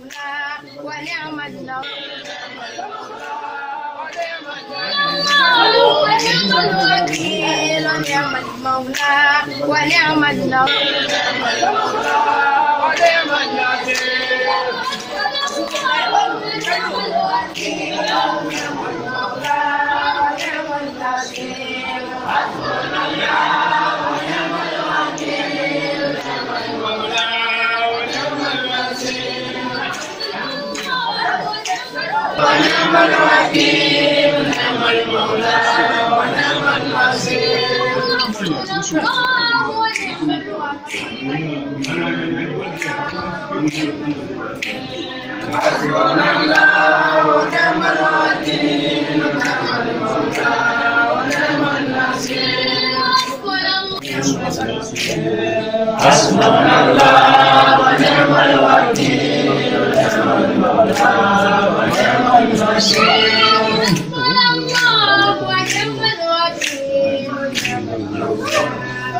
Mona, what am I now? Mona, what am I now? Mona, what am I now? ونعم الوكيل نعم المولى ونعم النصير حسبنا الله ونعم الوكيل نعم المولى ونعم النصير حسبنا الله ونعم الوكيل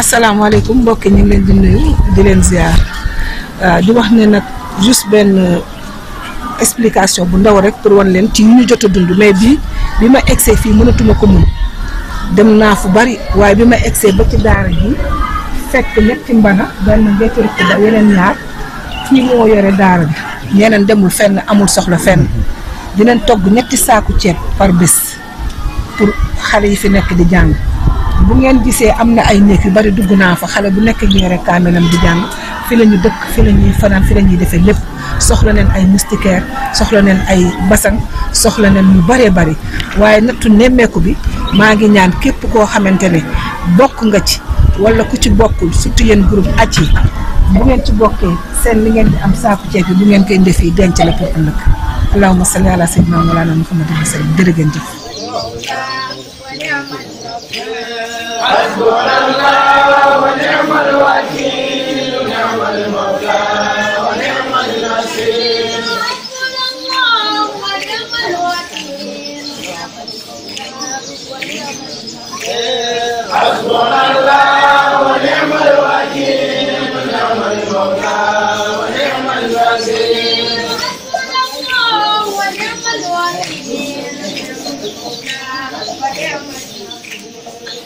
asalaamaaleykum mbokk ñu ngi leen di nuyu di leen ziar waaw euh, di wax ne nag juste benn explication bu ndaw rek pour wan leen ci ñu jot a dund mais bii bi ma egsee fii mënatuma ko mun dem naa fu bari waaye bi ma egsee ba ci daara ji fekk ñetti mbana benn béykat ba yeneen ñaar fii moo yore daara bi ñeneen demul fenn amul soxla fenn dinañ togg ñetti saaku ceeb par bés pour xale yi fi nekk di jàng. bu ngeen gisee am na ay néeg yu bari dugg naa fa xale bu nekk ngi yore kaamilam di jàng fi la ñu dëkk fi la ñuy fanaan fi la ñuy defee lépp soxla neen ay moustiquaire soxla neen ay basang soxla neen yu baree bari waaye nattu nemmeeku bi maa ngi ñaan képp koo xamante ne bokk nga ci wala ku ci bokkul surtout yéen group acc yi bu ngeen ci bokkee seen li ngeen di am saaku ceeb bi bu ngeen koy ndefee denc la pour ëllëg allahumma salli ala sayyidina mawlana muhammadin wa sallam jërëgën jëf حسبنا الله ونعم الوكيل نعم المولى ونعم النصير حسبنا الله ونعم الوكيل ونعم المولى ونعم النصير